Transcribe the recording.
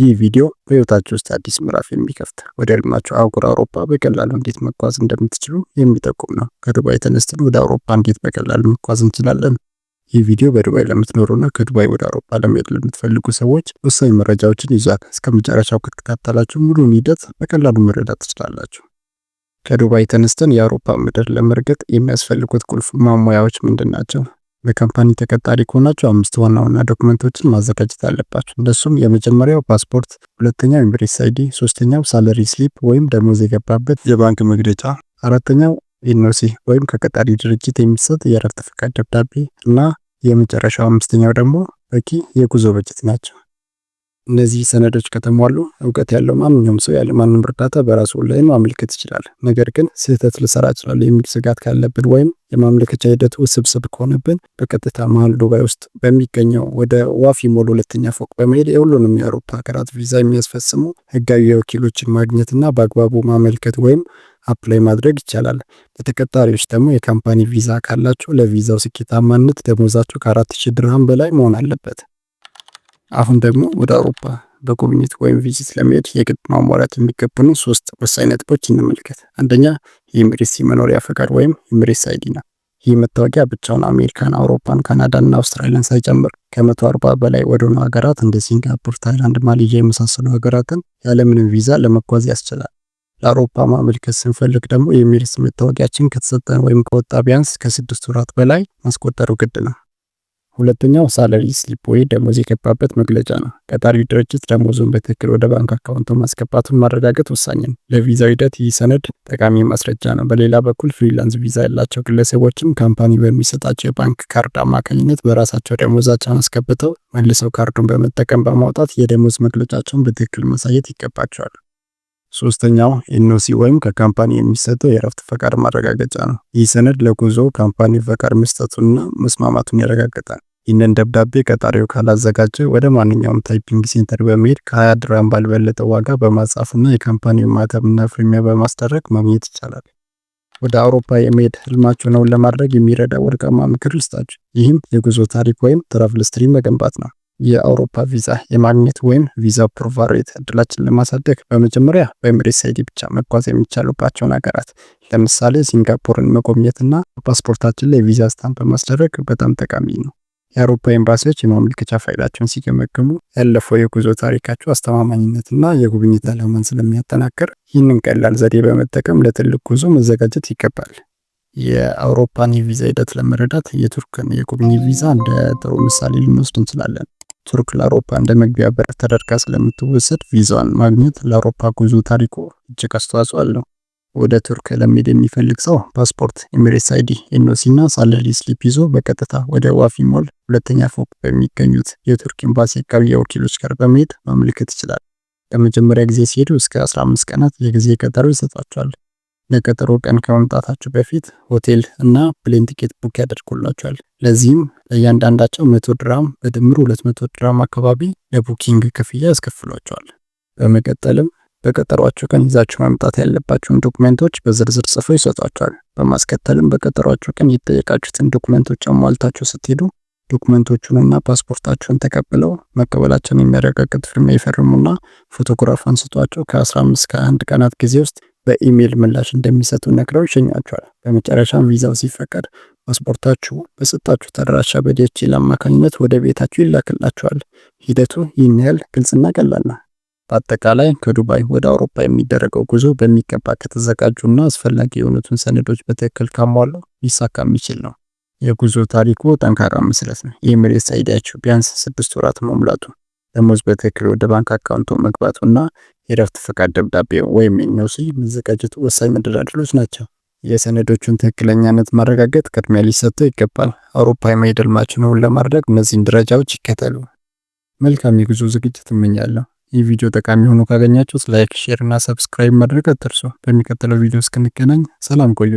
ይህ ቪዲዮ በህይወታችሁ ውስጥ አዲስ ምዕራፍ የሚከፍት ወደ ህልማችሁ አህጉር አውሮፓ በቀላሉ እንዴት መጓዝ እንደምትችሉ የሚጠቁም ነው። ከዱባይ ተነስተን ወደ አውሮፓ እንዴት በቀላሉ መጓዝ እንችላለን? ይህ ቪዲዮ በዱባይ ለምትኖሩና ከዱባይ ወደ አውሮፓ ለመሄድ ለምትፈልጉ ሰዎች ወሳኝ መረጃዎችን ይዟል። እስከ መጨረሻው ከተከታተላችሁ ሙሉን ሂደት በቀላሉ መረዳት ትችላላችሁ። ከዱባይ ተነስተን የአውሮፓ ምድር ለመርገጥ የሚያስፈልጉት ቁልፍ ማሟያዎች ምንድን ናቸው? በካምፓኒ ተቀጣሪ ከሆናችሁ አምስት ዋና ዋና ዶክመንቶችን ማዘጋጀት አለባችሁ። እነሱም የመጀመሪያው ፓስፖርት፣ ሁለተኛው ኢምፕሬስ አይዲ፣ ሶስተኛው ሳለሪ ስሊፕ ወይም ደሞዝ የገባበት የባንክ መግለጫ፣ አራተኛው ኢኖሲ ወይም ከቀጣሪ ድርጅት የሚሰጥ የእረፍት ፈቃድ ደብዳቤ እና የመጨረሻው አምስተኛው ደግሞ በቂ የጉዞ በጀት ናቸው። እነዚህ ሰነዶች ከተሟሉ እውቀት ያለው ማንኛውም ሰው ማንም እርዳታ በራሱ ላይ ማመልከት ይችላል። ነገር ግን ስህተት ልሰራ እችላለሁ የሚል ስጋት ካለብን ወይም የማመልከቻ ሂደቱ ውስብስብ ከሆነብን በቀጥታ መሀል ዱባይ ውስጥ በሚገኘው ወደ ዋፊ ሞል ሁለተኛ ፎቅ በመሄድ የሁሉንም የአውሮፓ ሀገራት ቪዛ የሚያስፈጽሙ ህጋዊ ወኪሎችን ማግኘትና በአግባቡ ማመልከት ወይም አፕላይ ማድረግ ይቻላል። ለተቀጣሪዎች ደግሞ የካምፓኒ ቪዛ ካላቸው ለቪዛው ስኬታማነት ደሞዛቸው ከአራት ሺህ ድርሃም በላይ መሆን አለበት። አሁን ደግሞ ወደ አውሮፓ በጉብኝት ወይም ቪዚት ለመሄድ የግድ ማሟላት የሚገቡን ሶስት ወሳኝ ነጥቦች እንመልከት። አንደኛ የኢሚሬትስ የመኖሪያ ፈቃድ ወይም ኢሚሬትስ አይዲና ይህ መታወቂያ ብቻውን አሜሪካን፣ አውሮፓን፣ ካናዳን እና አውስትራሊያን ሳይጨምር ከ140 በላይ ወደሆኑ ሀገራት እንደ ሲንጋፖር፣ ታይላንድ፣ ማሌዥያ የመሳሰሉ ሀገራትን ያለምንም ቪዛ ለመጓዝ ያስችላል። ለአውሮፓ ማመልከት ስንፈልግ ደግሞ የኢሚሬትስ መታወቂያችን ከተሰጠን ወይም ከወጣ ቢያንስ ከስድስት ወራት በላይ ማስቆጠሩ ግድ ነው። ሁለተኛው ሳለሪ ስሊፕ ወይ ደሞዝ የገባበት መግለጫ ነው። ቀጣሪው ድርጅት ደሞዙን በትክክል ወደ ባንክ አካውንቱ ማስገባቱን ማረጋገጥ ወሳኝ ነው። ለቪዛ ሂደት ይህ ሰነድ ጠቃሚ ማስረጃ ነው። በሌላ በኩል ፍሪላንስ ቪዛ ያላቸው ግለሰቦችም ካምፓኒ በሚሰጣቸው የባንክ ካርድ አማካኝነት በራሳቸው ደሞዛቸውን አስገብተው መልሰው ካርዱን በመጠቀም በማውጣት የደሞዝ መግለጫቸውን በትክክል ማሳየት ይገባቸዋል። ሶስተኛው ኢኖሲ ወይም ከካምፓኒ የሚሰጠው የእረፍት ፈቃድ ማረጋገጫ ነው። ይህ ሰነድ ለጉዞ ካምፓኒ ፈቃድ መስጠቱንና መስማማቱን ያረጋግጣል። ይህንን ደብዳቤ ቀጣሪው ካላዘጋጀ ወደ ማንኛውም ታይፒንግ ሴንተር በመሄድ ከሀያ ድራም ባልበለጠ ዋጋ በማጻፍና የካምፓኒውን ማተምና ፕሪሚያ በማስደረግ ማግኘት ይቻላል። ወደ አውሮፓ የመሄድ ህልማችሁን ነውን ለማድረግ የሚረዳ ወርቃማ ምክር ልስጣችሁ። ይህም የጉዞ ታሪክ ወይም ትራቭል ስትሪም መገንባት ነው። የአውሮፓ ቪዛ የማግኘት ወይም ቪዛ ፕሮቫሬት እድላችን ለማሳደግ በመጀመሪያ በኤምሬትስ አይዲ ብቻ መጓዝ የሚቻሉባቸውን ሀገራት ለምሳሌ ሲንጋፖርን መጎብኘትና ፓስፖርታችን ላይ ቪዛ ስታምፕ ማስደረግ በጣም ጠቃሚ ነው። የአውሮፓ ኤምባሲዎች የማመልከቻ ፋይላቸውን ሲገመግሙ ያለፈው የጉዞ ታሪካቸው አስተማማኝነትና የጉብኝት ዓላማን ስለሚያጠናክር ይህንን ቀላል ዘዴ በመጠቀም ለትልቅ ጉዞ መዘጋጀት ይገባል። የአውሮፓን የቪዛ ሂደት ለመረዳት የቱርክን የጉብኝት ቪዛ እንደ ጥሩ ምሳሌ ልንወስድ እንችላለን። ቱርክ ለአውሮፓ እንደ መግቢያ በር ተደርጋ ስለምትወሰድ ቪዛዋን ማግኘት ለአውሮፓ ጉዞ ታሪኮ እጅግ አስተዋጽኦ አለው። ወደ ቱርክ ለመሄድ የሚፈልግ ሰው ፓስፖርት፣ ኤሚሬትስ አይዲ፣ ኤንኦሲ እና ሳለሪ ስሊፕ ይዞ በቀጥታ ወደ ዋፊ ሞል ሁለተኛ ፎቅ በሚገኙት የቱርክ ኤምባሲ ሕጋዊ ወኪሎች ጋር በመሄድ ማመልከት ይችላል። ለመጀመሪያ ጊዜ ሲሄዱ እስከ 15 ቀናት የጊዜ ቀጠሮ ይሰጣቸዋል። ለቀጠሮ ቀን ከመምጣታቸው በፊት ሆቴል እና ፕሌን ቲኬት ቡክ ያደርጉላቸዋል። ለዚህም ለእያንዳንዳቸው መቶ ድራም በድምር ሁለት መቶ ድራም አካባቢ ለቡኪንግ ክፍያ ያስከፍሏቸዋል። በመቀጠልም በቀጠሯቸው ቀን ይዛቸው መምጣት ያለባቸውን ዶክመንቶች በዝርዝር ጽፈው ይሰጧቸዋል። በማስከተልም በቀጠሯቸው ቀን የጠየቃችሁትን ዶክመንቶች አሟልታችሁ ስትሄዱ ዶክመንቶቹንና ፓስፖርታቸውን ተቀብለው መቀበላቸውን የሚያረጋግጥ ፊርማ ይፈርሙና ፎቶግራፍ አንስቷቸው ከ15 ከ1 ቀናት ጊዜ ውስጥ በኢሜይል ምላሽ እንደሚሰጡ ነግረው ይሸኛቸዋል። በመጨረሻም ቪዛው ሲፈቀድ ፓስፖርታችሁ በሰጣችሁ ተደራሻ በዲኤችኤል አማካኝነት ወደ ቤታችሁ ይላክላችኋል። ሂደቱ ይህን ያህል ግልጽና ቀላል ነው። በአጠቃላይ ከዱባይ ወደ አውሮፓ የሚደረገው ጉዞ በሚገባ ከተዘጋጁና አስፈላጊ የሆኑትን ሰነዶች በትክክል ካሟሉ ሊሳካ የሚችል ነው። የጉዞ ታሪኩ ጠንካራ መሰረት ነው። የኤሚሬትስ አይዲያችሁ ቢያንስ ስድስት ወራት መሙላቱ ደሞዝ በትክክል ወደ ባንክ አካውንቱ መግባቱና የእረፍት ፈቃድ ደብዳቤ ወይም ኢኖሲ መዘጋጀቱ ወሳኝ መደላድሎች ናቸው። የሰነዶቹን ትክክለኛነት ማረጋገጥ ቅድሚያ ሊሰጠው ይገባል። አውሮፓ የመሄድ ህልማችሁን ለማድረግ እነዚህን ደረጃዎች ይከተሉ። መልካም የጉዞ ዝግጅት እመኛለሁ። ይህ ቪዲዮ ጠቃሚ ሆኖ ካገኛችሁት ላይክ፣ ሼር እና ሰብስክራይብ ማድረግ አትርሱ። በሚቀጥለው ቪዲዮ እስክንገናኝ ሰላም ቆዩ።